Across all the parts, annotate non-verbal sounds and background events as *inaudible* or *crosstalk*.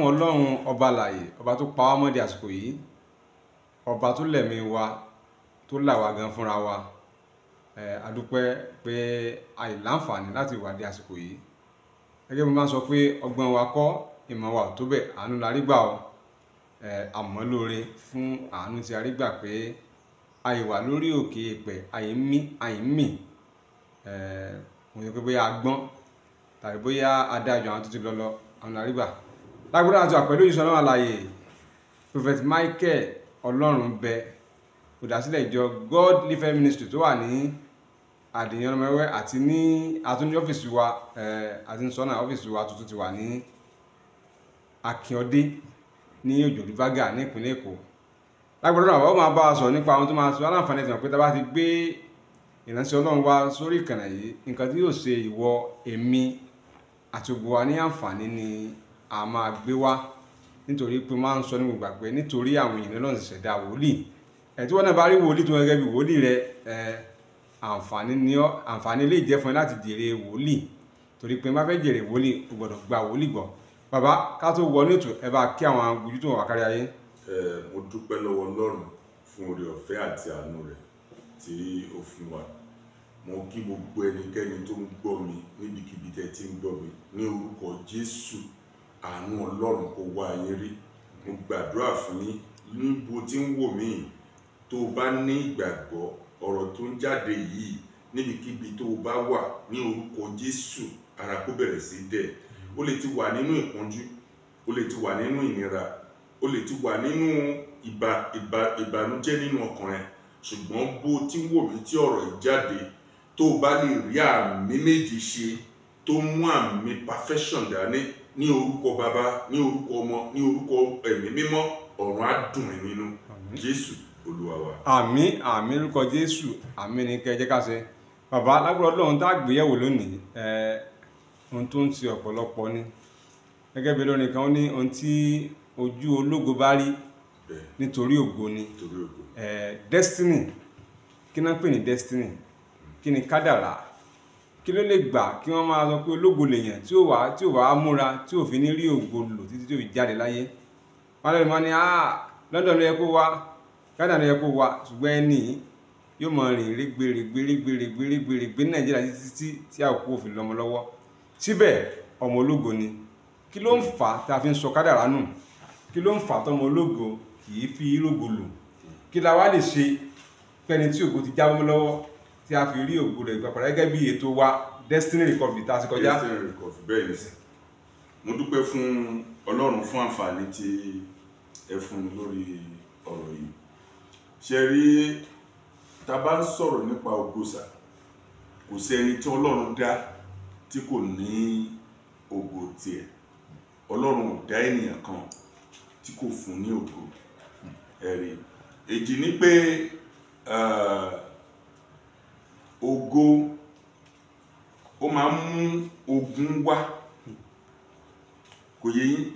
fún ọlọ́run ọba àlàyé ọba tó pa wá mọ́ di àsìkò yìí ọba tó lẹ̀mí wa tó là wá gan fúnra wa adúpẹ́ pé àìláǹfààní láti wà di àsìkò yìí gẹ́gẹ́ bí wọ́n bá sọ pé ọgbọ́n wa kọ́ ìmọ̀ wa tó bẹ̀ àánú la rí gbà ọ́ àmọ́ lóore fún àánú tí a rí gbà pé àìwà lórí òkè èpẹ̀ àìmí àìmí kò ní pé bóyá a gbọ́n tàbí bóyá adájọ́ àwọn tó ti lọ lọ àwọn la lágbára àti àpẹẹrẹ òjíṣẹ́ ọlọ́run àlàyé prophet michael ọlọ́run bẹ olùdásílẹ̀ ìjọ god life ministry tó wà ní àdìyàn ọmọwẹ́ àti ní àtúndí ọ́fíìsì wa àti ní sọ́nà ọ́fíìsì wa tuntun ti wà ní akínọdé ní òjò rìbágà ní ìpínlẹ̀ èkó lágbára náà wọ́n máa bá a sọ̀rọ̀ nípa àwọn tó máa sọ aláǹfààní ìtàn pé tá a bá ti gbé ìránṣẹ́ ọlọ́run wá sórí ìkànnà yìí nǹkan tí yóò ṣe ìwọ ni a máa gbé wá nítorí pé máa ń sọ ní gbogbo àgbẹ̀ nítorí àwọn èèyàn náà ṣẹ̀ṣẹ̀ dá wòlíì ẹ̀ tí wọ́n náà bá rí wòlíì tó gẹ́gẹ́ bí wòlíì rẹ ẹ̀ àǹfààní ni ọ́ àǹfààní lè jẹ́ fún ẹ láti jèrè wòlíì torí pé má fẹ́ jèrè wòlíì o gbọ́dọ̀ gba wòlíì gbọ́ bàbá ká tó wọnú ètò ẹ bá kí àwọn agbójú tó wà kárí ayé. ẹ mo dúpẹ́ lọ́wọ́ Ọlọ́run fún oore ọ̀fẹ́ àti àánú rẹ̀ tí ó fún wa mo kí gbogbo ẹnikẹ́ni tó ń gbọ́ mi níbikíbi tẹ́ ti ń gbọ́ mi ní orúkọ Jésù àánú ọlọ́run kó wá yín rí mo gbàdúrà fún yín níbo tí ń wò mí tó o bá ní ìgbàgbọ́ ọ̀rọ̀ tó ń jáde yìí níbikíbi tó o bá wà ní orúkọ jésù ara kó bẹ̀rẹ̀ sí dẹ̀ o lè ti wà nínú ìpọ́njú o lè ti wà nínú ìnira o lè ti wà nínú ìbà ìbà ìbànújẹ́ nínú ọkàn rẹ ṣùgbọ́n bó o ń wò mí tí ọ̀rọ̀ yìí jáde tó o bá lè rí àmì méjì ṣe tó mú àmì perfection dání ní orúkọ bàbá ní orúkọ ọmọ ní orúkọ ẹ̀mí mímọ́ ọ̀run á dùn mí nínú jésù olúwa wa. àmín àmín lórúkọ jésù àmín ni kẹjẹ ká ṣe bàbá lágbára ọlọ́run tá a gbéyẹ̀wò lónìí ẹ ohun tó ń ti ọ̀pọ̀lọpọ̀ ni gẹ́gẹ́ bí lónìí kan ó ní ohun tí ojú ológo bá rí nítorí ògo ni destiny kí náà pè ní destiny hmm. kí ni kádàrá kí ló lè gbà kí wọ́n máa sọ pé ológo lèèyàn tí ò wá tí ò wá múra tí ò fi ní rí ògo lò títí tí ò fi jáde láyé wọn lọ́dún máa ní ah London ló yẹ kó wá Canada ló yẹ kó wá ṣùgbọ́n ẹni yóò mọ rìn rẹ́gbẹ̀rẹ́gbẹ̀rẹ́gbẹ̀rẹ́gbẹ̀ ní Nàìjíríà títí tí àkókò òfin lọ́mọ lọ́wọ́ síbẹ̀ ọmọ ológo ni kí ló ń fà tá a fi ń sọ kádàrá nù kí ló ń fà tọmọ ológo kì í fi írógo lò kí la wá lè ṣe pẹ́ni tí ògo ti jábọ́ lọ́wọ́ tí a fi rí ògo rẹ̀ gbàpàdà gẹ́gẹ́ bí ètò wa destiny recovery tá a ti kọjá. destiny recovery bẹ́ẹ̀ ni mo dúpẹ́ fún ọlọ́run fún àǹfààní tí ẹ fún mi lórí ọ̀rọ̀ yìí ṣe rí tá a bá ń sọ̀rọ̀ nípa ògo sà kò sẹ́ni tí ọlọ́run dá tí kò ní ògo tiẹ̀ ọlọ́run ò dá ènìyàn kan tí kò fún ní ògo ẹ̀rí èjì ni pé. Uh, Ogo, ó máa ń mú ogun wá kò yé yín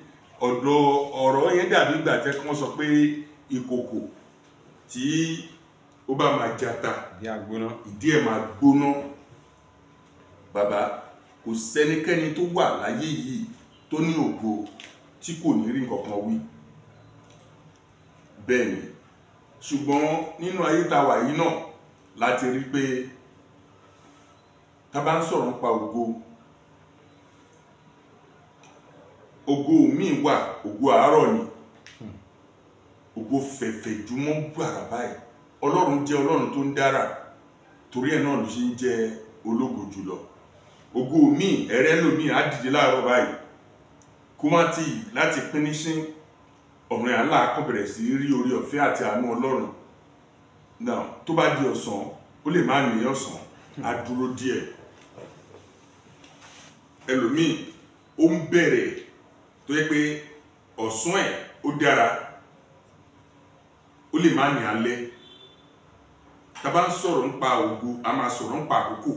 ọ̀dọ̀ ọ̀rọ̀ yẹn dàbí ìgbà tẹ́ kí wọ́n sọ pé ìkòkò tí ó bá máa jata ìdí ẹ̀ máa gbóná bàbá kò sẹ́nikẹ́ni tó wà láyé yìí tó ní ògo tí kò ní rí nǹkan wí bẹ́ẹ̀ ni ṣùgbọ́n nínú ayé tá a náà láti rí pé tá a bá ń sọ̀rọ̀ nípa ògo ògo míì wà ògo àárọ̀ ni ògo fẹ̀fẹ̀ jùmọ̀ gbàrà báyìí ọlọ́run jẹ́ ọlọ́run tó ń dára torí ẹ̀ náà ló ṣe ń jẹ́ ológo jùlọ ògo míì ẹ̀rẹ́ lómi á dìde láàárọ̀ báyìí kó má tì í láti pín ní ṣín ọ̀run ẹ̀ ńlá kan bẹ̀rẹ̀ sí rí orí ọ̀fẹ́ àti àánú ọlọ́run náà tó bá di ọ̀sán ó lè má ní ọ̀sán á dúró díẹ̀ ẹlòmíì ó ń bẹ̀rẹ̀ tó yẹ pé ọ̀sán ẹ̀ ó dára ó lè má ní alẹ́ tá bá ń sọ̀rọ̀ nípa ògo a máa sọ̀rọ̀ nípa àkókò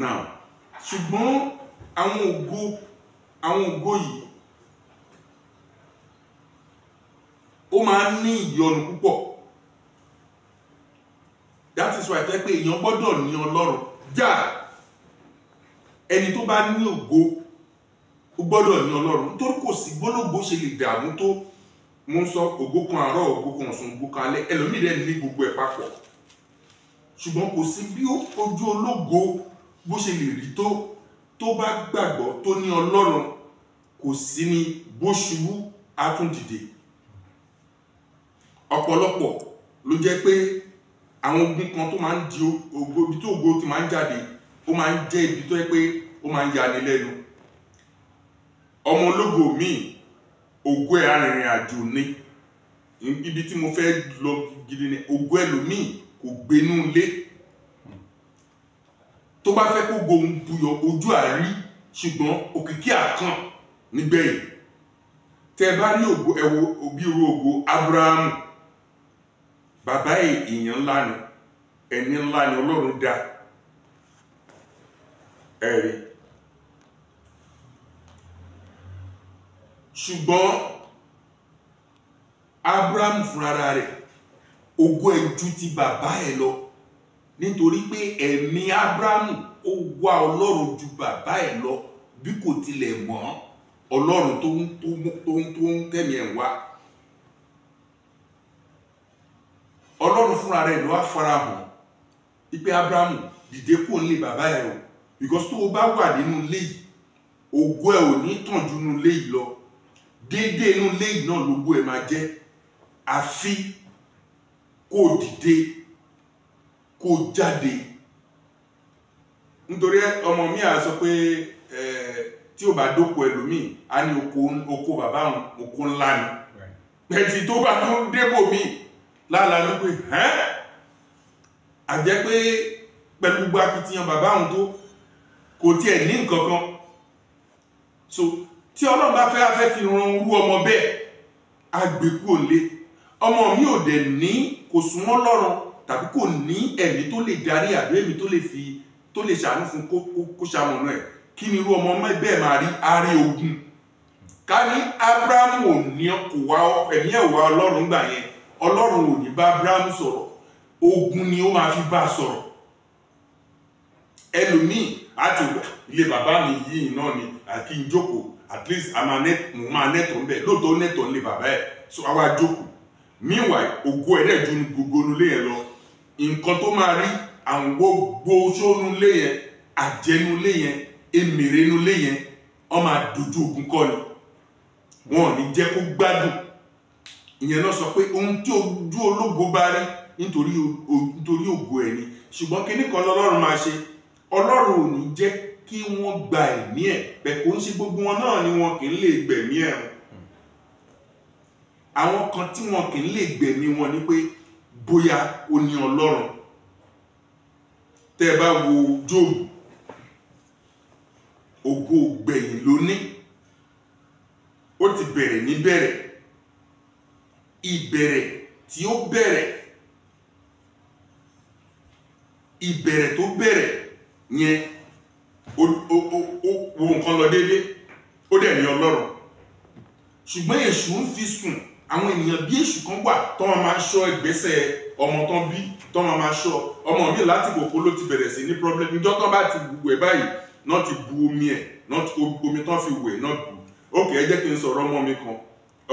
now ṣùgbọ́n àwọn ògo àwọn ògo yìí ó máa ń ní ìyọnu púpọ̀ that is why tẹ́ pé èèyàn gbọ́dọ̀ ní Ọlọ́run jáà ẹni tó bá ní ògo ó gbọ́dọ̀ ní ọlọ́run nítorí kò sí gbólógbó ṣe lè dààmú tó mo ń sọ ògo kan àárọ̀ ògo kan ọ̀sán ògo kan alẹ́ ẹlòmíì rẹ̀ ní gbogbo ẹ̀ papọ̀ ṣùgbọ́n kò sí bí ojú ológo bó ṣe lè rí tó tó bá gbàgbọ́ tó ní ọlọ́run kò sí ní bó ṣubú á ọ̀pọ̀lọpọ̀ ló jẹ́ pé àwọn ogun kan tó máa ń di ògo ibi tó ògo ti máa ń jáde ó máa ń jẹ́ ibi tó yẹ pé ó máa ń yani lẹ́nu ọmọ ológo míì ògo ẹ̀ arìnrìn àjò ni ibi tí mo fẹ́ lọ gidi ni ògo ẹlòmíì kò gbénú lé tó bá fẹ́ kó gohun buyọ̀ ojú àárí ṣùgbọ́n òkìkí àkàn nígbẹ̀yìn tẹ́ bá rí ògo ẹ̀wọ̀ òbí ògo Ábúráhámù bàbá èèyàn ńlá ni ẹni ńlá ni Ọlọ́run dáa ẹ̀rí ṣùgbọ́n Abraham fúnra rẹ̀ ogún ẹ̀ ju ti bàbá ẹ̀ lọ nítorí pé ẹ̀mí Abraham ó wá ọlọ́run ju bàbá ẹ̀ lọ bí kò tilẹ̀ mọ̀ ọlọ́run tó ń tó ń tó ń tẹ̀mí ẹ̀ wá ọlọ́run fúnra rẹ̀ ló wá farahàn ipe Abraham dìde kò ń lè bàbá ẹ̀ o because tó o bá wà nínú ilé yìí ògo ẹ ò ní tàn ju inú ilé yìí lọ déédéé inú ilé yìí náà lógo ẹ máa jẹ́ àfi kó o dìde kó o jáde nítorí ọmọ mi à sọ pé tí o bá dóko ẹlòmíì á ní oko bàbá òun oko ńlá ni pẹ̀tì tó bá tó débò mi lálàá ló pé àjẹ́ pé pẹ̀lú gbogbo akitiyan bàbá òun tó kò tiẹ̀ ní nǹkan kan so tí ọlọ́run bá fẹ́ afẹ́ fi ran irú ọmọ bẹ́ẹ̀ á gbé kúrò lé ọmọ mi ò dẹ̀ ní kò súnmọ́ lọ́rùn tàbí kò ní ẹ̀mí tó lè darí àbí ẹ̀mí tó lè fi tó lè ṣàánú fún kó ṣamọ̀nà ẹ̀ kí ni irú ọmọ bẹ́ẹ̀ máa rí ààrẹ ogun ká ní abrahamu ò ní kò wá ẹ̀mí ẹ̀ wá ọlọ́run gbà yẹn ọlọ́run ò ní bá abrahamu sọ̀rọ̀ ogun ni ó máa fi bá a sọ̀rọ̀ ẹlòmíì àti ilé bàbá mi yìí náà ni àti ìjókòó at least a máa nẹ́tọ̀ mo máa nẹ́tọ̀ ńbẹ̀ lóòótọ́ nẹ́tọ̀ ńlé bàbá ẹ̀ so àwa jókòó meanwhile ògo ẹ̀rẹ́ ju gbogbo nulẹ̀ yẹn lọ nǹkan tó máa rí àwọn gbogbo sónulẹ̀ yẹn àjẹnulẹ̀ yẹn emèrènulẹ̀ yẹn wọ́n máa dojú ogun kọ́ ni wọn ò ní jẹ́ kó gbádùn ìyẹn náà sọ pé ohun tí ojú ológo bá rí nítorí ògo ẹ̀ ni ṣùgbọ́n kíní lọ́lọ́run máa ṣe ọlọ́run ò ní jẹ́ kí wọ́n gba ẹ̀mí ẹ̀ bẹ́ẹ̀ kò ń ṣe gbogbo wọn náà ni wọn kì í lè gbẹ̀mí ẹ̀ àwọn kan tí wọn kì í lè gbẹ̀mí wọn ni pé bóyá o ní ọlọ́run tẹ́ ẹ bá wo ògo yẹn ó ó ó wo nǹkan lọ déédéé ó dẹ̀ ní ọlọ́rọ̀ ṣùgbọ́n èṣù ń fi sùn àwọn ènìyàn bí èṣù kan wà tó wọn máa ṣọ́ ìgbésẹ̀ ọmọ tán bí tó wọn máa ṣọ́ ọmọ mi láti kòkó ló ti bẹ̀rẹ̀ sí ní problem ìjọ tó bá ti wẹ̀ báyìí náà ti bu omi ẹ̀ náà omi tán fi wẹ̀ náà bu ok ẹ jẹ́ kí n sọ̀rọ̀ ọmọ mi kan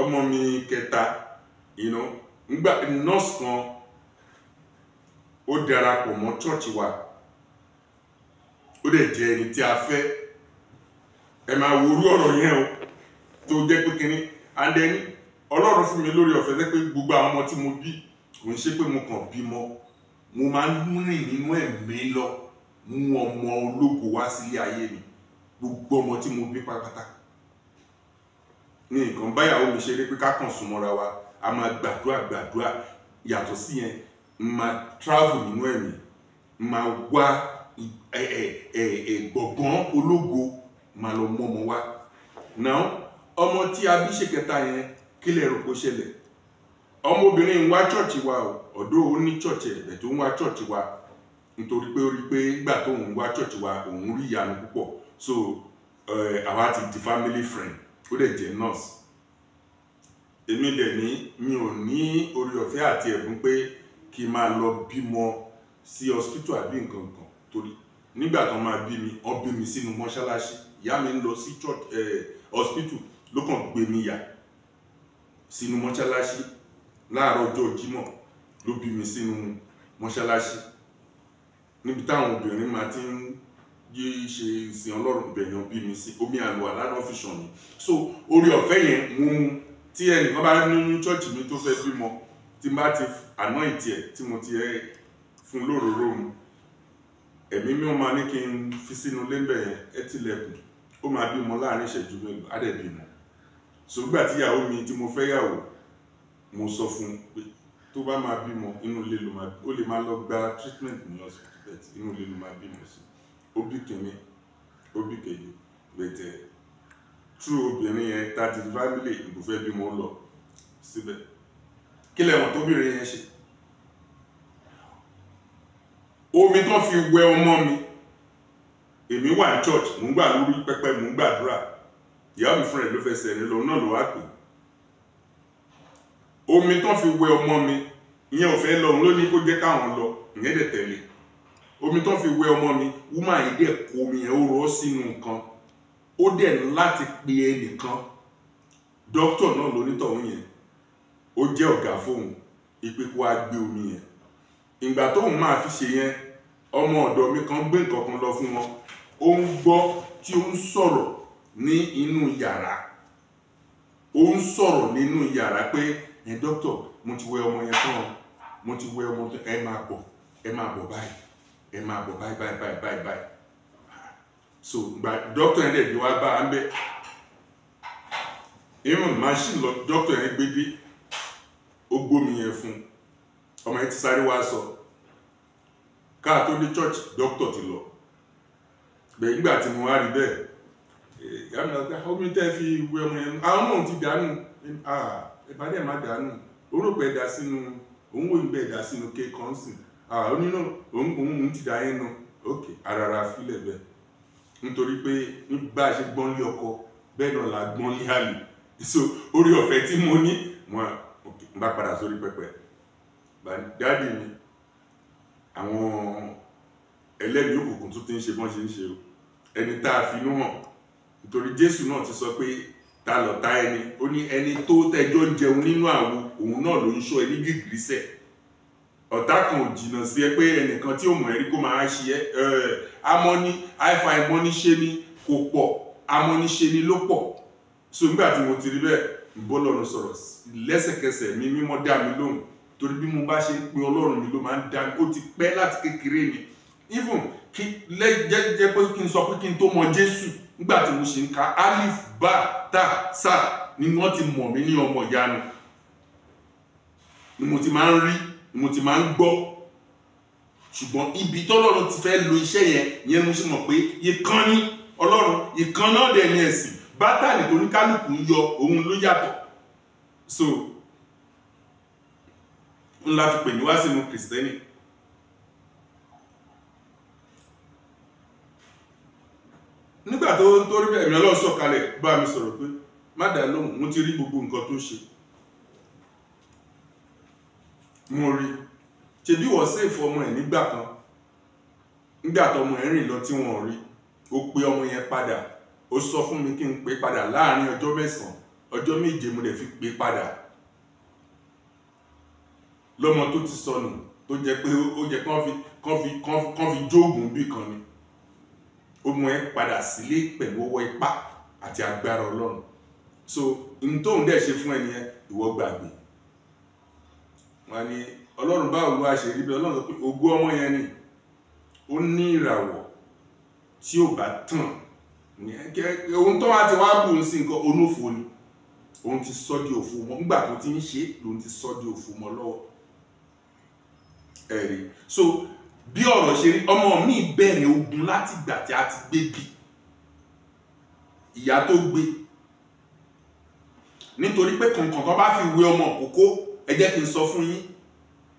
ọmọ mi kẹta you know ngbà nọ́ọ̀sì kan ó darapọ̀ mọ́ chọ́ọ̀chì wa ó dẹ̀ jẹ́ ẹni tí a fẹ́ ẹ máa worú ọ̀rọ̀ yẹn o tó jẹ́ pé kínní and then ọlọ́run fún mi lórí ọ̀fẹ́ pé gbogbo àwọn ọmọ tí mo bí kò ń ṣe pé mo kàn bímọ mo máa ń rìn nínú ẹ̀mí lọ mú ọmọ ológo wá sílé ayé mi gbogbo ọmọ tí mo bí pátápátá ní nǹkan báyàwó mi ṣeré pé ká kàn sùn mọ́ra wa a máa gbàdúrà gbàdúrà yàtọ̀ sí yẹn n máa travel nínú ẹ̀mí n máa wá gbọ̀ngàn ológo ma lọ mú ọmọ wa náà ọmọ tí a bí kẹta yẹn kí lè rò kó ṣẹlẹ̀ ọmọbìnrin ń wá chọ́ọ̀chì wa o ọ̀dọ́ ò ní chọ́ọ̀chì ẹ̀bẹ̀ tó ń wá chọ́ọ̀chì wa nítorí pé ó rí i pé nígbà tó ń wá chọ́ọ̀chì wa òun rí ìyanu púpọ̀ so àwa ti di family friend ó dẹ̀ jẹ́ nurse èmi dẹ̀ ní mi ò ní orí ọ̀fẹ́ àti ẹ̀bùn pé kí n máa lọ bímọ sí hospital àbí nǹkan kan torí nígbà tó máa bí mi ó bí mi sínú mọ́ṣáláṣí ìyá mi ń lọ sí hospital ló kàn gbé mi yà sínú mọ́ṣáláṣí láàárọ̀ ọjọ́ jímọ̀ ló bí mi sínú mọ́ṣáláṣí níbi táwọn obìnrin máa ti ń yí ṣe ìsìn ọlọ́run bẹ̀yàn bí mi sí omi àlùwà lánàá fi ṣàn mí so orí ọ̀fẹ́ yẹn mú un tí ẹnìkan bá nínú chọ́ọ̀chì mi tó fẹ́ bímọ tí n bá ti àná ìtì ẹ̀ tí mo ti ẹ̀ fún lóróró mu ẹ̀mí mi ó máa ní kí n fi sínú lébẹ̀ yẹn ẹ tilẹ̀kùn ó máa bímọ láàrin ìṣẹ́jú mélòó á dẹ̀ bímọ ṣùgbà tíyàwó mi tí mo fẹ́ yàwó mo sọ fún un pé tó bá máa bímọ inú ilé ló máa ó lè máa lọ gba treatment ní hospital inú ilé ló máa bímọ sí ó bí kìíní ó bí kejì gbẹ̀tẹ̀ true obìnrin yẹn thirty family ìbùfẹ́ bímọ lọ síbẹ̀ kí lẹ́wọ̀n tóbìnrin yẹn ṣe omi tán fi wẹ ọmọ mi èmi wà ní church mò ń gbà lórí pẹpẹ mò ń gbàdúrà ìyá mi fúnra ẹ ló fẹsẹ̀ ní lọ náà ló wá pè omi tán fi wẹ ọmọ mi ìyẹn ò fẹ́ lọ òun ló ní kó jẹ́ káwọn lọ ìyẹn dẹ̀ tẹ̀lé omi tán fi wẹ ọmọ mi wúmà yìí dẹ̀ kó omi yẹn ó rọ sínú nǹkan ó dẹ̀ láti pe ẹnìkan dókítà náà lónítọ̀hún yẹn ó jẹ́ ọ̀gá fóun ìpè kó omi yẹn ìgbà tóun máa fi ṣe yẹn ọmọ ọ̀dọ̀ mi kan gbé nǹkan kan lọ fún wọn ó ń gbọ́ tí ó ń sọ̀rọ̀ ní inú yàrá ó ń sọ̀rọ̀ nínú yàrá pé ẹ dókítà mo ti wẹ ọmọ yẹn tán mo ti wẹ ọmọ tán ẹ máa bọ̀ ẹ máa bọ̀ báyìí ẹ máa bọ̀ báyìí báyìí báyìí báyìí báyìí so gba dókítà yẹn dẹ̀ bí wá bá a ń bẹ̀ even machine lọ dókítà yẹn gbé dé ó gbómi yẹn fún ọmọ yẹn ti sáré wá sọ. So káà tó dé church doctor ti lọ bẹ́ẹ̀ nígbà tí mo wá rí eh, fi wé ọmọ yẹn àwọn ti dànù ìbá dẹ̀ má dànù orúkọ ẹ̀dá sínú òun wò ìgbẹ́ ẹ̀dá sínú ké òun ti dà yẹn ok nítorí pé bá a ṣe gbọ́n lé ọkọ bẹ́ẹ̀ náà la gbọ́n lé àlè so orí ọ̀fẹ́ tí mo ní mo bá àwọn ẹlẹ́mìí òkùnkùn tó ti ń ṣe bọ́n ṣe ń ṣe o ẹni tá a fi inú hàn nítorí Jésù náà ti sọ pé ta lọ ta ẹni ó ní ẹni tó tẹjọ́ jẹun nínú àwo òun náà ló ń ṣọ́ ẹni gìgírísẹ̀ ọ̀tá kan ò jìnnà sí ẹ pé ẹnìkan tí ò mọ̀ ẹ́ rí kó máa ṣe ẹ amọ́ni àìfà ìmọ́niṣe ni kò pọ̀ amọ́niṣe ni ló pọ̀ so nígbà tí mo ti rí bẹ́ẹ̀ ń bọ́ lọ́run sọ̀rọ̀ lẹ́sẹ̀kẹsẹ̀ mi mímọ́ dá mi lóhùn torí bí mo bá ṣe pe ọlọ́run mi ló máa ń dá mi ó ti pẹ́ láti kékeré mi even kí lẹ́jẹ́jẹ́ pé kí n sọ pé kí n tó mọ jésù nígbà tí mo ṣe ń ka alif ba ta sa ni wọ́n ti mọ̀ mí ní ọmọ ìyanu ni mo ti máa ń rí ni mo ti máa ń gbọ́ ṣùgbọ́n ibi tọ́lọ́run ti fẹ́ lo iṣẹ́ yẹn yẹn mo ṣe mọ̀ pé ìkan ní ọlọ́run ìkan náà dẹ̀ ní ẹ̀sìn bátànì tó ní kálukú yọ òun ló yàtọ̀ so ńlá fi pè ní wá sínú kìrìsìtẹ́nì nígbà tó ń torí bẹ́ẹ̀ mi ọlọ́run sọ̀kalẹ̀ bá mi sọ̀rọ̀ pé má dá lóhùn mo ti rí gbogbo nǹkan tó ṣe mo rí ṣe bí wọ́n sèfù ọmọ ẹ̀ nígbà kan nígbà tó ọmọ ẹ̀ rìn lọ tí wọ́n rí ó pe ọmọ yẹn padà ó sọ fún mi kí n pè padà láàrin ọjọ́ mẹ́sàn-án ọjọ́ méje mo dẹ̀ fi pè padà lọ́mọ tó ti sọnù tó jẹ́ pé ó jẹ́ kán fi kán fi kán fi jóògùn bí kan ni ogun ẹ padà sílé pẹ̀lú ọwọ́ ipá àti agbára ọlọ́run so n tóun dẹ̀ ṣe fún ẹni yẹn ìwọ gbàgbé wọn ni ọlọ́run bá òwú àṣẹ ríbi ọlọ́run sọ pé ogún ọmọ yẹn ni ó ní ìràwọ̀ tí ò bá tàn ohun tó wá ti wá bù ń sí nǹkan onúfo ni òun ti sọ di òfo mọ́ nígbà tó ti ń ṣe lòun ti sọ di òfo mọ́ lọ́wọ́ ẹ̀rí so bí ọ̀rọ̀ ṣe rí ọmọ mi bẹ̀rẹ̀ ogun láti ìgbà tí a ti gbé bí ìyá tó gbé nítorí pé kọ̀ǹkọ̀ tó bá fi wé ọmọ kókó ẹ jẹ́ kí n sọ fún yín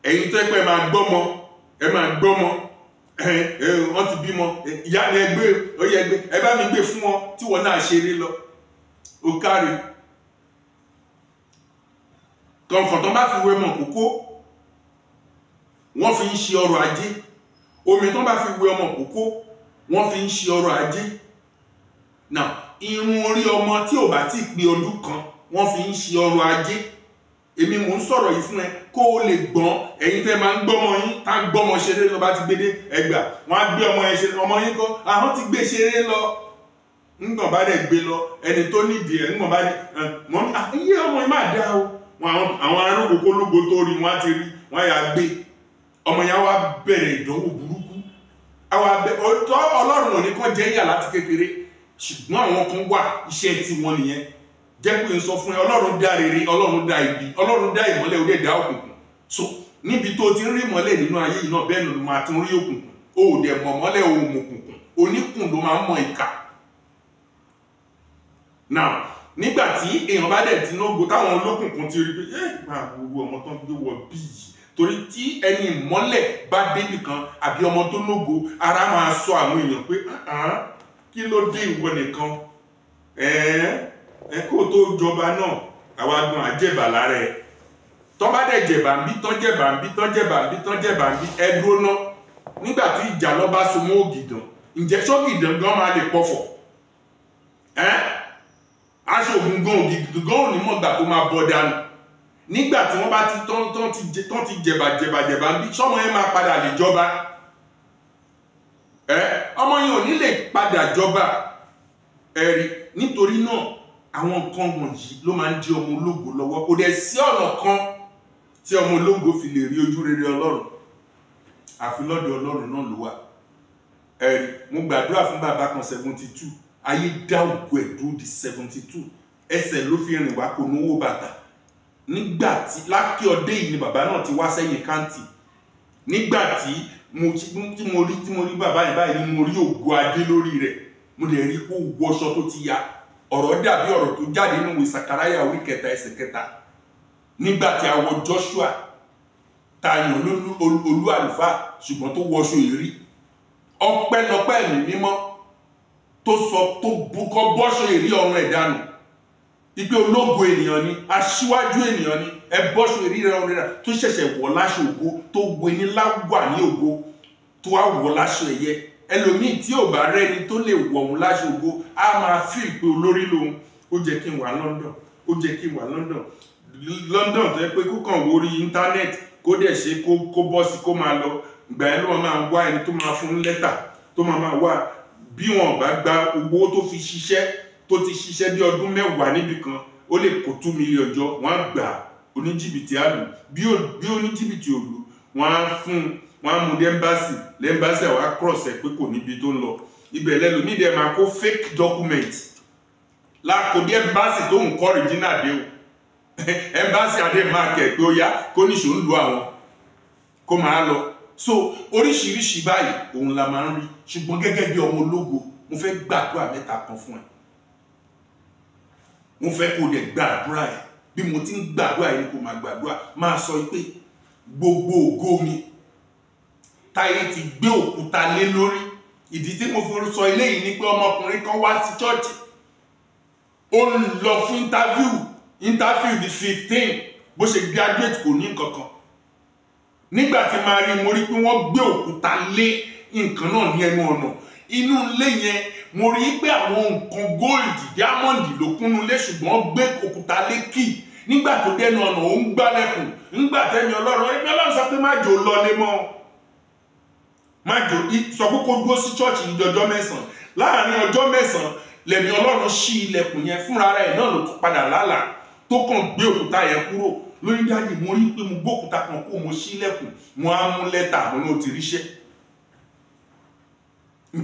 ẹ̀yin tó yẹ pé ẹ máa gbọ́mọ ẹ máa gbọ́mọ ẹ ẹ wọ́n ti bímọ ìyá ni ẹ gbé ó yẹ gbé ẹ bá mi gbé fún wọn tí wọn náà ṣeré lọ ó káre kọ̀ǹkọ̀ tó bá fi wé ọmọ kókó wọ́n fi ń ṣe ọrọ̀ ajé omi tó bá fi wẹ ọmọ kókó wọ́n fi ń ṣe ọrọ̀ ajé now irun orí ọmọ tí ò bá ti pé ọdún kan wọ́n fi ń ṣe ọrọ̀ ajé èmi mò ń sọ̀rọ̀ yìí fún ẹ kó o lè gbọ́n ẹ̀yin tẹ́ máa ń gbọ́mọ yín tá ń gbọ́mọ ṣeré lọ bá ti gbé dé ẹgbà wọ́n á gbé ọmọ yẹn ṣeré ọmọ yín kọ́ àwọn ti gbé ṣeré lọ ńgbọ̀n bá dẹ̀ gbé lọ ẹni tó nídìí ẹ̀ ńgbọ̀n bá dẹ̀ mọ́ ah, iye ọmọ yín máa dá o àwọn arúgbó kólógbó tó rí wọ́n á ti rí wọ́n á yà gbé ọmọ yẹn wá bẹ̀rẹ̀ ìdánwò burúkú àwọn abẹ ọtọ ọlọ́run ò ní kàn jẹ́ yà láti kékeré ṣùgbọ́n àwọn kan wà iṣẹ́ tí wọ́n nìyẹn jẹ́ pé sọ fún ẹ ọlọ́run dá rere ọlọ́run dá ibi ọlọ́run dá ìmọ́lẹ̀ ó dẹ̀ òkùnkùn so níbi tó ti ń rí ìmọ́lẹ̀ nínú ayé yìí náà bẹ́ẹ̀ ló máa tún rí òkùnkùn ó ò dẹ̀ mọ̀ mọ́lẹ̀ ò òkùnkùn oníkùn ló máa ń mọ ìkà now nígbà tí èèyàn bá dẹ̀ ti nógo táwọn olókùnkùn ti rí pé ẹ máa wo ọmọ tó gbé wọ bíi torí tí ẹni ìmọ́lẹ̀ bá débì kan àbí ọmọ tó lógo ara máa sọ àwọn èèyàn pé kí ló dé ìwọ nìkan ẹ kó tó jọba náà àwa gan àjẹbà lára ẹ tọ́ bá dẹ̀ jẹ̀bà ń bí tọ́ jẹ̀bà ń bí tọ́ jẹ̀bà ń bí tọ́ jẹ̀bà ń bí ẹ dúró ná nígbà tí ìjà lọ bá so mọ́ ògìdàn ǹjẹ́ ṣọ́gìdàn gan máa lè pọ̀fọ̀ ẹ́ aṣọ ògùn gan ògìdàn gan ò ní mọ̀gbà tó máa bọ̀ dànù nígbà tí wọ́n bá ti tán tán ti tán ti jẹ̀bà jẹ̀bà jẹ̀bà bí sọ́mọ yẹn máa padà lè jọba ẹ ọmọ yẹn ò ní lè padà jọba ẹ̀rí nítorí náà àwọn nǹkan wọ̀nyí ló máa ń di ọmọ ológo lọ́wọ́ kò dẹ̀ sí ọ̀nà kan tí ọmọ ológo fi lè rí ojú rere ọlọ́run àfi lọ́dọ̀ ọlọ́run náà ló wà ẹ̀rí mo gbàdúrà fún bàbá kan seventy two ayé dá ògo ẹ̀ dúró di seventy two ẹsẹ̀ ló fi rìn wá kò náwó bàtà nígbà tí lákì ọdẹ yìí ni bàbá náà ti wá sẹ́yìn káǹtì nígbà tí mo tí mo rí tí mo rí bàbá yẹn báyìí ni mo rí ògo adé lórí rẹ̀ mo dẹ̀ rí kó wọṣọ tó ti ya ọ̀rọ̀ dàbí ọ̀rọ̀ tó jáde nínú ìwé Sakaraya orí kẹta ẹsẹ̀ kẹta nígbà tí a wọ Joshua tayàn olú àlùfáà ṣùgbọ́n tó wọṣọ ìrí ọpẹ́lọpẹ́ mi mímọ́ tó sọ tó bukọ bọ́ṣọ ìrí ọrùn ẹ̀ dànù ìgbé ológo ènìyàn ni aṣíwájú ènìyàn ni ẹ bọ́ṣù ìríra òrìra tó ṣẹ̀ṣẹ̀ wọ̀ láṣọ ògo tó wo ní láwà ní ògo tó wá wọ̀ láṣọ ẹ̀yẹ ẹlòmíì tí ò bá rẹ́ni tó lè wọ̀ òun láṣọ ògo á máa fi ìpè olórí lòun ó jẹ́ kí n wà London ó jẹ́ kí n wà London London tó yẹ pé kó kàn wórí íńtánẹ́ẹ̀tì kó dẹ̀ ṣe kó bọ́ sí kó máa lọ ìgbà yẹn ló máa wá ẹni tó máa fún lẹ́tà tó máa máa wá bí wọn bá gba owó tó fi ṣiṣẹ́ tó ti ṣiṣẹ́ bí ọdún mẹ́wàá níbì kan ó lè kó two million jọ wọ́n á gbà oníjìbìtì àlù bí oníjìbìtì òlu wọ́n á fún wọ́n á mú lẹ́mbàsì lẹ́mbàsì àwọn akọ́rọ̀sẹ̀ pé kò níbi tó ń lọ ibẹ̀ lẹ́lòmíì dẹ̀ máa kó fake document lákòdí ẹmbásì tó ń kọ́ regina dé o *laughs* ẹmbásì adé máa kẹ̀ pé ó yá kó níṣó ń lu àwọn kó máa lọ so oríṣiríṣi báyìí òun la máa ń rí ṣùgbọ́n gẹ́gẹ́ bí ọmọ ológo mo fẹ́ gbàdúrà mẹ́ta kan fún ẹ mo fẹ́ kó o dẹ̀ gbàdúrà ẹ̀ bí mo ti ń gbàdúrà ẹ̀ ni kò máa gbàdúrà máa sọ pé gbogbo ògo mi táyé ti gbé òkúta lé lórí ìdí tí mo fi sọ eléyìí ni pé ọmọkùnrin kan wá sí chọ́ọ̀chì ó ń lọ fún interview interview di fifteen bó ṣe graduate kò ní nǹkan kan nígbà tí máa rí mo rí pé wọ́n gbé òkúta lé nǹkan náà ní ẹnu ọ̀nà inú ilé yẹn mo rí i pé àwọn nǹkan gold diamond ló kúnnu lé ṣùgbọ́n gbé òkúta lékì nígbà tó dẹnu ọ̀nà ó ń gbálẹ̀kùn nígbà tẹ́ni ọlọ́run ẹgbẹ́ ọlọ́run sọ pé má jò lọlé mọ́ má jò sọ pé kó dúró sí chọ́ọ̀chì ní ọjọ́ mẹ́sàn-án láàárín ọjọ́ mẹ́sàn-án lẹ́ni ọlọ́run ṣí ilẹ̀kùn yẹn fúnra rẹ̀ náà ló padà lálàá tó kàn gbé òkúta yẹn kúrò lórí dájú mo rí pé mo gbókúta kan kó mo ṣí ilẹ̀kùn mo á mú lẹ́tà mo ní o ti ríṣẹ́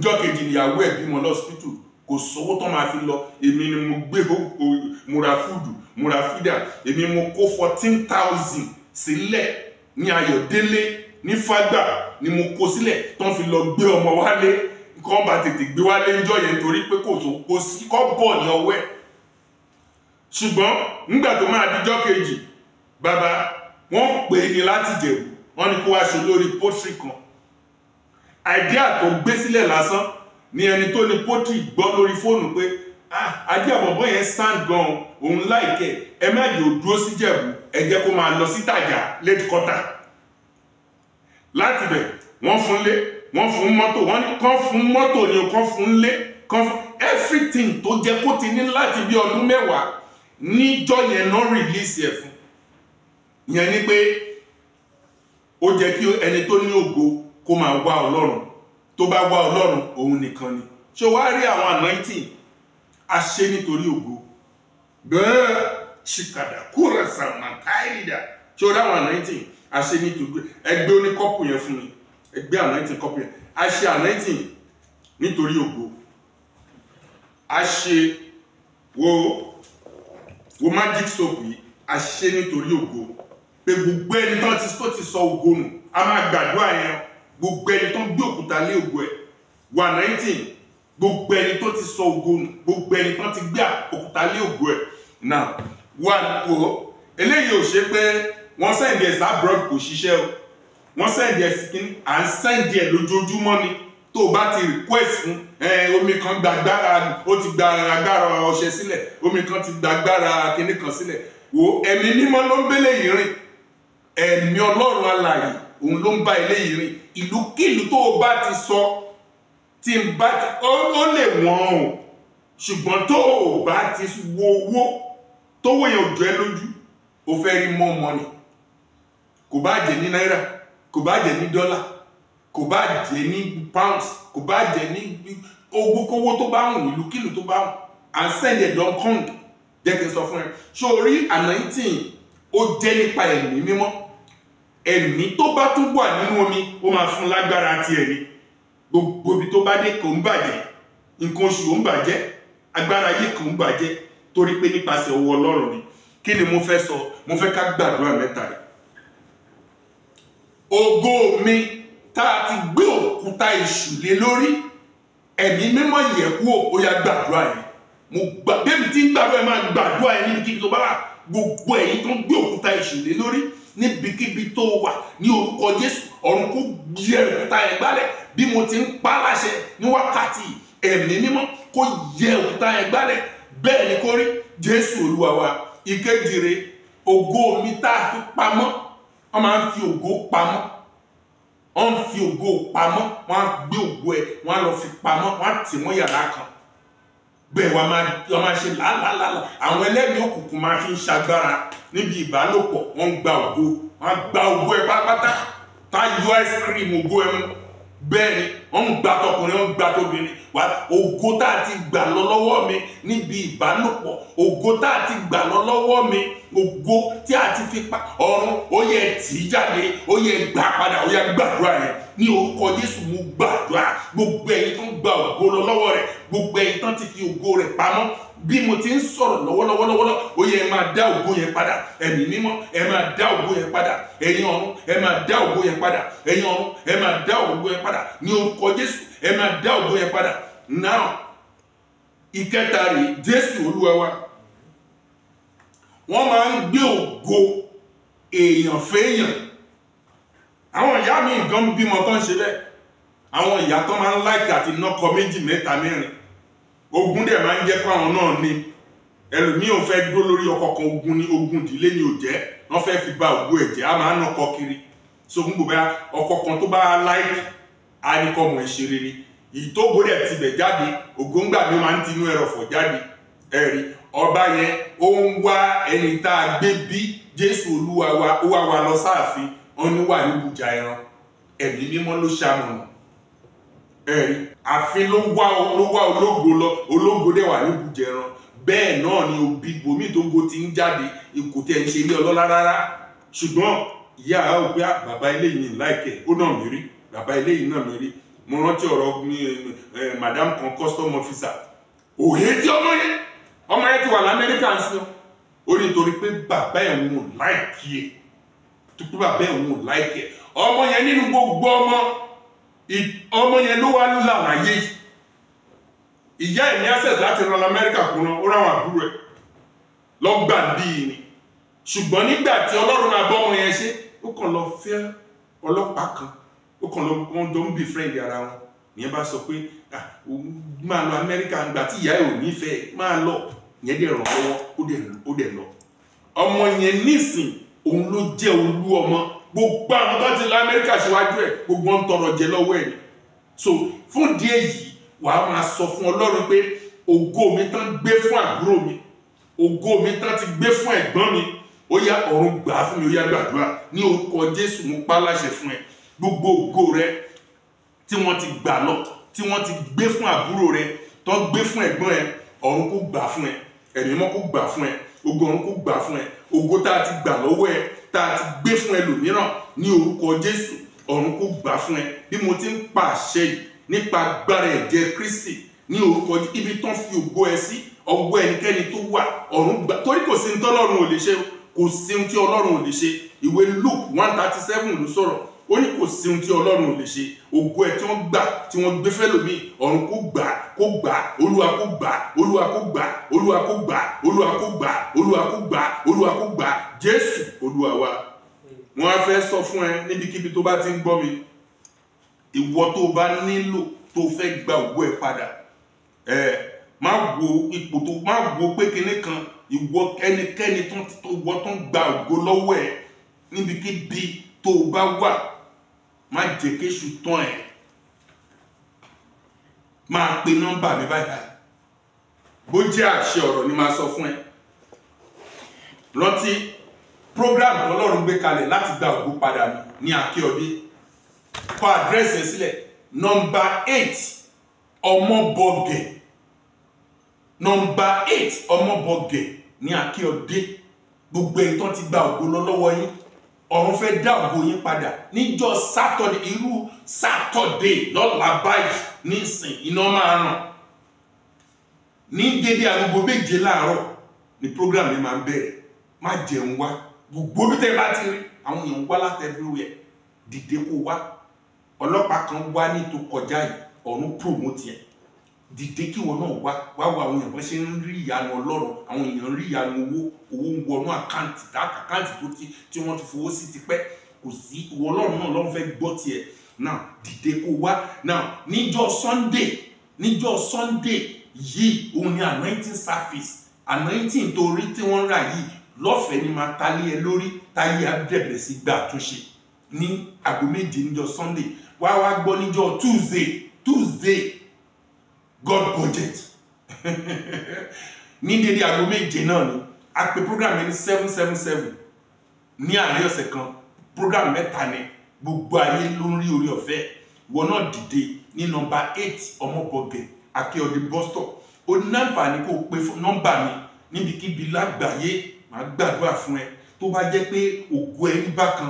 njọ́ kejì níyàwó ẹ̀ bímọ lọ́sítítù kò sówó tán máa fi lọ èmi ni mo gbé múra fúdù múra fídà èmi mo kó fourteen thousand sílẹ̀ ní Ayọ̀délé ní Fágbà ni mo kó sílẹ̀ tán fi lọ gbé ọmọ wálé kọ́ bá tètè gbé wálé njọ́ yẹn torí pé kò tó kó sí kọ́ bọ̀ ní ọwọ́ ẹ̀ ṣùgbọ́n nígbà tó máa dijọ́ kejì bàbá wọ́n pè é láti jẹ̀bù wọ́n ní kó wá ṣe lórí pọ́tírì kan àìdíà tó gbé sílẹ̀ lásán ni ẹni tó ní pọ́tì gbọ́ lórí fóònù pé ah, ajé àbọ̀bọ̀ yẹn stand gan òun láìkẹ́ ẹ má yóò dúró síjẹ̀bù ẹ jẹ́ kó máa lọ sítàjà late quarter láti bẹ̀ wọ́n fún lé wọ́n fún mọ́tò wọ́n ní kán fún mọ́tò ni kán fún lé kán fún everything tó jẹ́ kó ti ní láti bí ọdún mẹ́wàá níjọ́ yẹn náà release ẹ̀ fún yẹn ni pé ó jẹ́ kí ẹni tó ní ògo kó máa wá ọlọ́run tó bá wá ọlọ́run òun nìkan ni ṣé wàá rí àwọn anointing a ṣe nítorí ògo bẹ́ẹ̀ ṣìkàdà kúrẹ̀ sàmàkáìdà ṣé o dáwọn anointing a ṣe nítorí ẹgbẹ́ oníkọ́pù yẹn fún mi ẹgbẹ́ anointing kọ́pù yẹn a anointing nítorí ògo a wo wo magic soap yìí a ṣe nítorí ògo pé gbogbo ẹni tó ti sọ ògo nù a máa gbàdúrà yẹn gbogbo ẹni tó ń gbé òkúta lé ògo ẹ̀ wà nineteen gbogbo ẹni tó ti sọ ògo nù gbogbo ẹni tó ti gbé òkúta lé ògo ẹ̀ now wà wò ó eléyìí ò ṣe pé wọ́n sẹ́ǹdì ẹ̀ sábrọ̀d kò ṣiṣẹ́ o wọ́n sẹ́ǹdì ẹ̀ sí kíní à ń sẹ́ǹdì ẹ̀ lójoojúmọ́ ni tó o bá ti request fún omi kan gba agbára ó ti gba agbára ọṣẹ sílẹ̀ omi kan ti gba agbára kíní kan sílẹ̀ wo ẹ̀mí mímọ́ ló ń bẹ́lẹ̀ yìí rìn ẹ̀mí ọlọ́run alààyè òun ló ń bá eléyìí rìn ìlúkìlú tó o bá ti sọ tí n bá ti ó lè wọ́n o ṣùgbọ́n tó o bá ti wo owó tó wòyàn òjò ẹ lójú o fẹ́ rí mọ́ mọ́ni kò bá jẹ́ ní náírà kò bá jẹ́ ní dọ́là kò bá jẹ́ ní pounds kò bá jẹ́ ní owókówó tó bá wù ìlúkìlú tó bá wù and send it don kong jẹ́ kí n sọ fún ẹ ṣé o rí anointing ó jẹ́ nípa ẹ̀mí mímọ́ ẹ̀mí tó bá tún wà nínú omi ó máa fún lágbára ti ẹ̀mí gbogbo ibi tó bá dé kò ń bàjẹ́ nǹkan oṣù ò ń bàjẹ́ agbára ayé kò ń bàjẹ́ torí pé nípasẹ̀ ọwọ́ ọlọ́run ni kí ni mo fẹ́ sọ mo fẹ́ ká gbàdúrà mẹ́ta rẹ̀ ògo mi tá a ti gbé òkúta èṣù lé lórí ẹ̀mí mímọ́ yẹ̀ kúrò ó yá gbàdúrà yẹn mo gbà bẹ́ẹ̀ mi ti ń gbàdúrà yẹn máa gbàdúrà yẹn níbi kí n tó bá wà gbogbo ẹ̀yin tó ń gbé òkúta èṣù lé lórí níbikíbi tó wà ní orúkọ jésù ọ̀run kó yẹ òkúta yẹn gbálẹ̀ bí mo ti ń pa láṣẹ ní wákàtí ẹ̀mí mímọ́ kó yẹ òkúta yẹn gbálẹ̀ bẹ́ẹ̀ ni kó rí jésù olúwa wa ìkejì rẹ̀ ògo mi tá a fi pamọ́ wọ́n máa ń fi ògo pamọ́ wọ́n ń fi ògo pamọ́ wọ́n á gbé ògo ẹ̀ wọ́n á lọ fi pamọ́ wọ́n á tì mọ́ yàrá kan bẹ́ẹ̀ wàá máa wàá máa ṣe làálàálà àwọn ẹlẹ́ni òkùnkùn máa fi ń ṣagbára níbi ìbálòpọ̀ wọ́n ń gba ògo wọ́n gba ògo ẹ pátápátá tá yọ ice cream ògo ẹ mu bẹ́ẹ̀ ni wọ́n ń gba tọkùnrin wọ́n ń gba tóbìnrin wà ògo tá a ti gbà lọ lọ́wọ́ mi níbi ìbálòpọ̀ ògo tá a ti gbà lọ lọ́wọ́ mi ògo tí a ti fi pa ọ̀run ó yẹ tì í jáde ó yẹ gbà padà ó yẹ gbàdúrà yẹn ní orúkọ jésù mo gbàdúrà gbogbo ẹ̀yin tó ń gba ògo lọ lọ́wọ́ rẹ̀ gbogbo ẹ̀yin tó ń ti fi ògo rẹ̀ pamọ́ bí mo ti ń sọ̀rọ̀ lọ́wọ́lọ́wọ́lọ́wọ́ ó yẹ ẹ máa dá ògo yẹn padà ẹ̀mí mímọ́ ẹ máa dá ògo yẹn padà ẹ̀yin ọ̀run ẹ máa dá ògo yẹn padà ẹ̀yin ọ̀run ẹ máa dá ògo yẹn padà ní orúkọ jésù ẹ máa dá ògo yẹn padà now ìkẹta rèé jésù olúwa wa wọ́n máa ń gbé ògo èèyàn fẹ́yàn àwọn ìyá mi nǹkan bímọ tó ń ṣe bẹ́ẹ̀ àwọn ìyá tó máa ń láìkì àti nọkọ méjì mẹ́ta mẹ́rin ogun dẹ̀ máa ń jẹ́ káwọn náà ni ẹlòmíì ò fẹ́ dó lórí ọkọ kan ogun ni ogun ìdílé ni ò jẹ́ wọ́n fẹ́ fi gba ògo ẹ̀jẹ̀ á máa ń nọkọ kiri so fún gbogbo ọkọ kan tó bá láìkì á ní kọ́ ọmọ ẹ̀ṣẹ̀ rere ìtógbó jáde ògóńgbà mi máa ń tinú ẹrọ̀fọ̀ jáde ẹ̀rí ọba yẹn ó ń wá ẹni tá a gbé bí Jésù Olúwa wa ó wá wa lọ sáàfin wọn ní wà ní bùjà ẹran ẹ̀mí mímọ́ ló ṣamọ̀nà ẹ̀rí àfin ló wá ló wá ológo lọ ológo dẹ̀ wà ní bùjà ẹran bẹ́ẹ̀ náà ni òbí bòmí tó go ti ń jáde ikò tẹ̀ ń ṣe ilé ọlọ́lá rárá ṣùgbọ́n ìyá àwọn òpé ah, bàbá eléyìí ní láìkẹ́ ó náà mi rí bàbá eléyìí náà mi rí mo rántí ọ̀rọ̀ mi eh, madam kan custom officer òye tí ọmọ yẹn ọmọ yẹn ti wà lamẹ́ríkà ń sọ ó ní torí pé bàbá ẹ̀ ń wò láìkí ẹ̀ bí bàbá ẹ̀ wò láìkẹ́ ọmọ yẹn nínú gbogbo ọmọ ọmọ yẹn ló wá là láyé ìyá ẹ̀ ní access láti ran amẹ́ríkà kúnná ó ráwọn àbúrò ẹ̀ lọ́gbà bíi ni ṣùgbọ́n nígbà tí ọlọ́run náà bọ́ ọmọ yẹn ṣe ó kàn lọ fẹ́ ọlọ́pàá kan ó kàn lọ wọn jọ ń bí friend ara wọn ìyẹn bá sọ pé máa lọ amẹ́ríkà ńgbà tí ìyá ẹ̀ ò nífẹ̀ẹ́ máa lọ ìyẹn dẹ̀ ràn lọ́wọ́ ó dẹ̀ lọ ọmọ yẹn nísìn òun ló jẹ́ olú ọmọ gbogbo àwọn tó ti lọ amẹ́ríkà ṣíwájú ẹ̀ gbogbo ń tọrọ jẹ lọ́wọ́ ẹ̀ so fún ìdí èyí wàá máa sọ fún ọlọ́run pé ògo mi tán gbé fún àbúrò mi ògo mi tán ti gbé fún ẹ̀gbọ́n mi ó yá ọ̀run gbà fún mi ó yá gbàdúrà ní orúkọ jésù mo pa láṣẹ fún ẹ gbogbo ògo rẹ tí wọ́n ti gbà lọ tí wọ́n ti gbé fún àbúrò rẹ tán gbé fún ẹ̀gbọ́n ẹ ọ̀run kò gbà fún ẹ ẹ̀mí mọ́ kò gbà fún ẹ ògo ọ̀run kó gbà fún ẹ ògo tá a ti gbà lọ́wọ́ ẹ tá a ti gbé fún ẹlòmíràn ní orúkọ jésù ọ̀run kó gbà fún ẹ bí mo ti ń pa àṣẹ yìí nípa agbára ẹ̀jẹ̀ kristi ní orúkọ ibi tán fi ògo ẹ sí ọwọ́ ẹnikẹ́ni tó wà ọ̀run gbà torí kò sí ní tọ́lọ́run ò lè ṣe kò sí ní tí ọlọ́run ò lè ṣe ìwé luke one thirty seven ló sọ̀rọ̀ ó ní kò sí ohun tí ọlọ́run ò lè ṣe ògo ẹ̀ tí wọ́n gbà tí wọ́n gbé fẹ́ lómi ọ̀run kó gbà kó gbà olúwa kó gbà olúwa kó gbà olúwa kó gbà olúwa kó gbà olúwa kó gbà olúwa kó gbà jésù olúwa wa wọn á fẹ́ sọ fún ẹ níbikíbi tó bá ti ń gbọ́ mi ìwọ tó bá nílò tó fẹ́ gba ògo ẹ̀ padà ẹ má wo ipò tó má wo pé kinní kan ìwọ ẹnikẹ́ni tó wọ́ tó ń gba ògo lọ́wọ́ ẹ̀ níbikíbi tó bá wà Ma jẹ́ kéṣù tán ẹ̀ máa pe nọ́mbà mi báyìí bó jẹ́ àṣẹ ọ̀rọ̀ ni máa sọ fún ẹ rántí program tọ́lọ́run gbé kalẹ̀ láti gba ògo padà ní akíọdé kọ àdírẹ́sì ẹ sílẹ̀ nọ́mbà eight ọmọbọgẹ̀ nọ́mbà eight ọmọbọgẹ̀ ní akíọdé gbogbo ẹ̀tọ́ ti gba ògo lọ lọ́wọ́ yín ọ̀run fẹ́ dá ògo yín padà níjọ́ sátọ̀dé irú sátọ̀dé lọ́la báyìí nísìn iná máa ràn ní dédé agogo méje láàárọ̀ ni program yẹn máa ń bẹ̀rẹ̀ má jẹun wá gbogbo bí tẹ́ bá ti rí àwọn èèyàn wá láti everywhere dìde kó wá ọlọ́pàá kan wá ní tó kọjá yìí ọ̀run promote yẹn dìde kí wọn náà wá wá wo àwọn èèyàn bó ṣe ń rí ìyanu ọlọ́run àwọn èèyàn ń rí ìyanu owó owó ń wọnú àkáǹtì dáàkà àkáǹtì tó ti tí wọ́n ti fowó sí tipẹ́ kò sí ìwọ ọlọ́run náà lọ́n fẹ́ gbọ́ tiẹ̀ náà dìde kó wá náà níjọ́ sunday níjọ́ sunday yìí òun ni anointing service anointing torí tí wọ́n ń rà yìí lọ́fẹ̀ẹ́ ni máa talé ẹ lórí táyé abẹ́bẹ̀ sí gbà àtúnṣe ní àgọ́ méje níjọ́ sunday wá wá gbọ́ níjọ́ tuesday tuesday God budget ní dédé aago méje náà ni a pè program yẹn ní seven seven seven ní àárín ọ̀sẹ̀ kan program mẹ́ta ni gbogbo ayé ló ń rí orí ọ̀fẹ́ wọn náà dìde ní nọ́mbà eight ọmọbọ̀gẹ̀ akéọ̀dé bọ́stọ̀ ó ní àǹfààní kó o pe nọ́mbà mi níbikíbi lágbàáyé màá gbàdúrà fún ẹ tó bá jẹ́ pé ògo ẹ rí bákan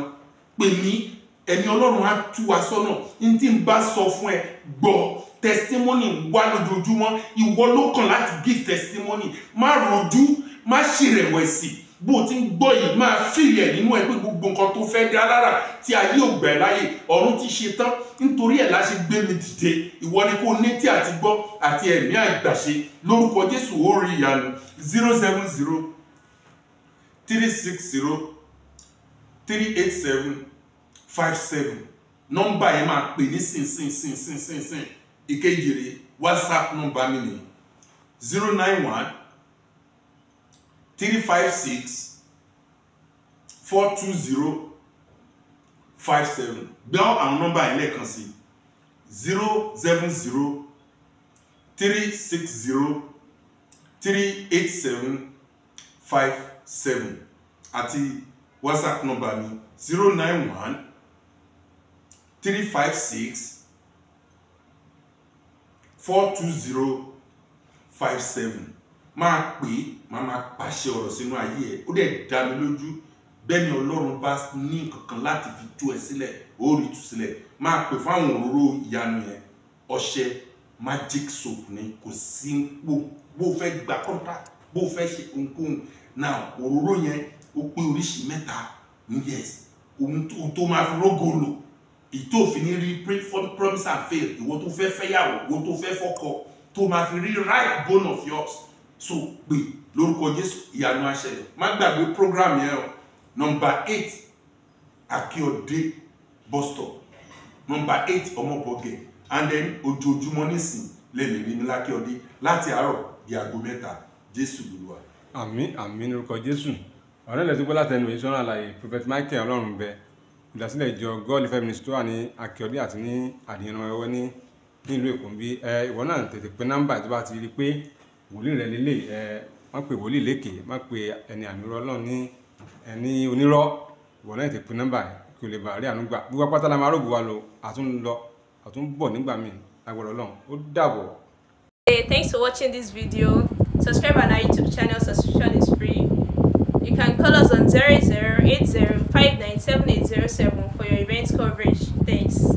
pè mí ẹni ọlọ́run á tú wa sọ́nà ní tí n bá sọ fún ẹ gbọ́ testimony wá lójoojúmọ́ ìwọ ló kàn láti give testimony má rojú má ṣèrèwẹ̀sì bó ti ń gbọ́ yìí máa fìrì ẹ̀ nínú ẹ pé gbogbo nǹkan tó fẹ́ dá lára tí ayé ò gbà ẹ́ láyè ọ̀run ti ṣe tán nítorí ẹ̀ la ṣe gbé mi dìde ìwọ ni kò ní tí àti gbọ́ àti ẹ̀mí àgbàṣe lórúkọ Jésù ó ìyanu zero seven zero three six zero three eight seven five seven nọ́mbà yẹn máa pè ní sìn sìn sìn sìn ìkejì rè whatsapp nọ́mbà mi ni zero nine one three five six four two zero five seven gbọ́ àwọn nọ́mbà yìí lẹ́ẹ̀kan sí zero seven zero three six zero three eight seven five seven àti whatsapp nọ́mbà mi zero nine one three five six. 42057 maa zero five máa pè máa máa pàṣẹ ọ̀rọ̀ sínú ayé ẹ̀ ó dẹ̀ dá mi lójú ọlọ́run bá kankan láti fi tú ẹ sílẹ̀ ó tú sílẹ̀ máa pè fáwọn òróró ìyanu yẹn ọṣẹ magic soap ni kò sí bó fẹ́ gba kọ́ńtà bó fẹ́ ṣe ohunkóhun náà òróró yẹn ó pé oríṣi mẹ́ta yes ohun fi rógò ìtòfin ní rí promise and fail ìwọ tó fẹ́ fẹ́yàwó ìwọ tó fẹ́ fọ́kọ tó máa fi rí right bone of yours so pé lórúkọ jésù ìyanu àṣẹlẹ̀ má gbàgbé program yẹn o nọmba eight akíọdé bus stop nọmba eight ọmọbọgẹ and then ojoojúmọ́ nísìn lè lè rí ní lákíọdé láti àárọ̀ di aago mẹ́ta jésù lùlùwà. àmín àmín lórúkọ jésù ọ̀rẹ́ ilẹ̀ tó gbọ́ látẹnu ìṣọ́nà àlàyé prophet michael ọlọ́run bẹ́ẹ̀ olùdásílẹ̀ ìjọ God Ifẹ̀ Ministry tó wà àti ní àdìyànwẹ́wẹ́ ní nílùú Èkó ń bí ẹ ìwọ náà tètè pe nọ́mbà tó bá ti rí pé wòlíì rẹ lélẹ̀ ẹ má pe wòlíì lékè má pe ẹni àmì náà ní ẹni onírọ́ ìwọ náà tètè pe nọ́mbà kí o lè bàárí àánú gbà gbogbo máa rògbò wa lò àtún lọ àtún bọ̀ nígbà míì thanks for watching this video. Subscribe our YouTube channel. Subscription is free. You can call us on 00 080 for your event coverage. Thanks.